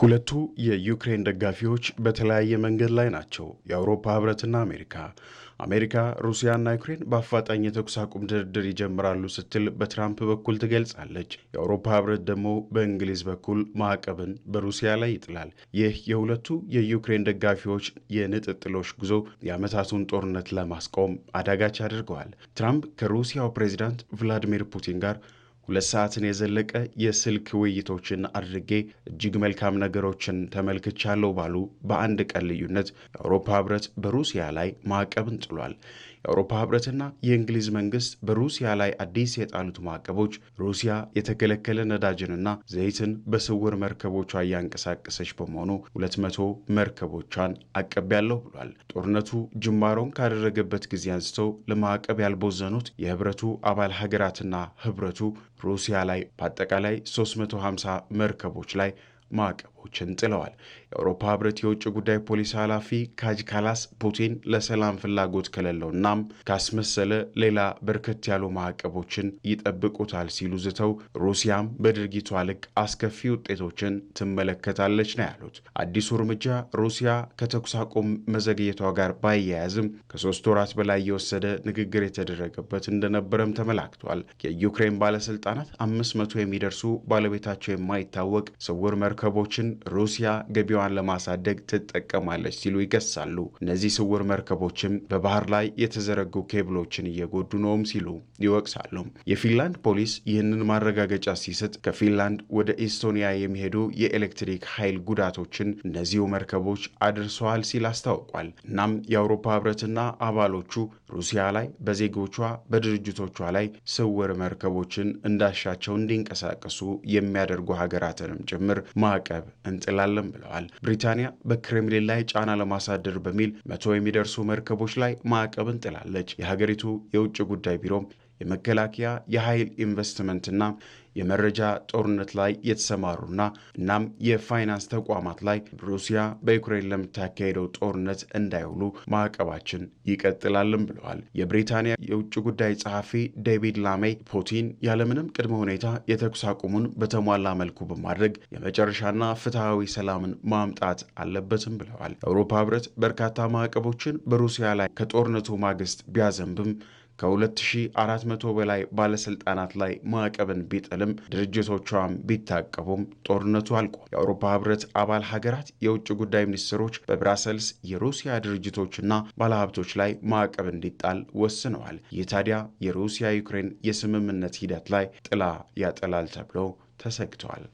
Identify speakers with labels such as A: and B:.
A: ሁለቱ የዩክሬን ደጋፊዎች በተለያየ መንገድ ላይ ናቸው፣ የአውሮፓ ህብረትና አሜሪካ። አሜሪካ ሩሲያና ዩክሬን በአፋጣኝ የተኩስ አቁም ድርድር ይጀምራሉ ስትል በትራምፕ በኩል ትገልጻለች። የአውሮፓ ህብረት ደግሞ በእንግሊዝ በኩል ማዕቀብን በሩሲያ ላይ ይጥላል። ይህ የሁለቱ የዩክሬን ደጋፊዎች የንጥጥሎች ጉዞ የዓመታቱን ጦርነት ለማስቆም አዳጋች አድርገዋል። ትራምፕ ከሩሲያው ፕሬዚዳንት ቭላዲሚር ፑቲን ጋር ሁለት ሰዓትን የዘለቀ የስልክ ውይይቶችን አድርጌ እጅግ መልካም ነገሮችን ተመልክቻለሁ ባሉ በአንድ ቀን ልዩነት የአውሮፓ ህብረት በሩሲያ ላይ ማዕቀብን ጥሏል። የአውሮፓ ህብረትና የእንግሊዝ መንግስት በሩሲያ ላይ አዲስ የጣሉት ማዕቀቦች ሩሲያ የተከለከለ ነዳጅንና ዘይትን በስውር መርከቦቿ እያንቀሳቀሰች በመሆኑ 200 መርከቦቿን አቅቤያለሁ ብሏል። ጦርነቱ ጅማሮን ካደረገበት ጊዜ አንስተው ለማዕቀብ ያልቦዘኑት የህብረቱ አባል ሀገራትና ህብረቱ ሩሲያ ላይ በአጠቃላይ 350 መርከቦች ላይ ማዕቀቦችን ጥለዋል። የአውሮፓ ህብረት የውጭ ጉዳይ ፖሊሲ ኃላፊ ካጅ ካላስ ፑቲን ለሰላም ፍላጎት ከሌለው እናም ካስመሰለ ሌላ በርከት ያሉ ማዕቀቦችን ይጠብቁታል ሲሉ ዝተው ሩሲያም በድርጊቷ ልክ አስከፊ ውጤቶችን ትመለከታለች ነው ያሉት። አዲሱ እርምጃ ሩሲያ ከተኩስ አቁም መዘግየቷ ጋር ባያያዝም ከሶስት ወራት በላይ የወሰደ ንግግር የተደረገበት እንደነበረም ተመላክቷል። የዩክሬን ባለስልጣናት አምስት መቶ የሚደርሱ ባለቤታቸው የማይታወቅ ስውር መርከ መርከቦችን ሩሲያ ገቢዋን ለማሳደግ ትጠቀማለች ሲሉ ይገሳሉ። እነዚህ ስውር መርከቦችም በባህር ላይ የተዘረጉ ኬብሎችን እየጎዱ ነውም ሲሉ ይወቅሳሉ። የፊንላንድ ፖሊስ ይህንን ማረጋገጫ ሲሰጥ ከፊንላንድ ወደ ኤስቶኒያ የሚሄዱ የኤሌክትሪክ ኃይል ጉዳቶችን እነዚሁ መርከቦች አድርሰዋል ሲል አስታውቋል። እናም የአውሮፓ ህብረትና አባሎቹ ሩሲያ ላይ በዜጎቿ በድርጅቶቿ ላይ ስውር መርከቦችን እንዳሻቸው እንዲንቀሳቀሱ የሚያደርጉ ሀገራትንም ጭምር ማዕቀብ እንጥላለን ብለዋል። ብሪታንያ በክሬምሊን ላይ ጫና ለማሳደር በሚል መቶ የሚደርሱ መርከቦች ላይ ማዕቀብ እንጥላለች። የሀገሪቱ የውጭ ጉዳይ ቢሮም የመከላከያ የኃይል ኢንቨስትመንትና የመረጃ ጦርነት ላይ የተሰማሩና እናም የፋይናንስ ተቋማት ላይ ሩሲያ በዩክሬን ለምታካሄደው ጦርነት እንዳይውሉ ማዕቀባችን ይቀጥላልም ብለዋል። የብሪታንያ የውጭ ጉዳይ ጸሐፊ ዴቪድ ላሜይ ፑቲን ያለምንም ቅድመ ሁኔታ የተኩስ አቁሙን በተሟላ መልኩ በማድረግ የመጨረሻና ፍትሐዊ ሰላምን ማምጣት አለበትም ብለዋል። የአውሮፓ ህብረት በርካታ ማዕቀቦችን በሩሲያ ላይ ከጦርነቱ ማግስት ቢያዘንብም ከ2400 በላይ ባለስልጣናት ላይ ማዕቀብን ቢጥልም ድርጅቶቿም ቢታቀቡም ጦርነቱ አልቆም። የአውሮፓ ህብረት አባል ሀገራት የውጭ ጉዳይ ሚኒስትሮች በብራሰልስ የሩሲያ ድርጅቶችና ባለሀብቶች ላይ ማዕቀብ እንዲጣል ወስነዋል። ይህ ታዲያ የሩሲያ ዩክሬን የስምምነት ሂደት ላይ ጥላ ያጠላል ተብሎ ተሰግተዋል።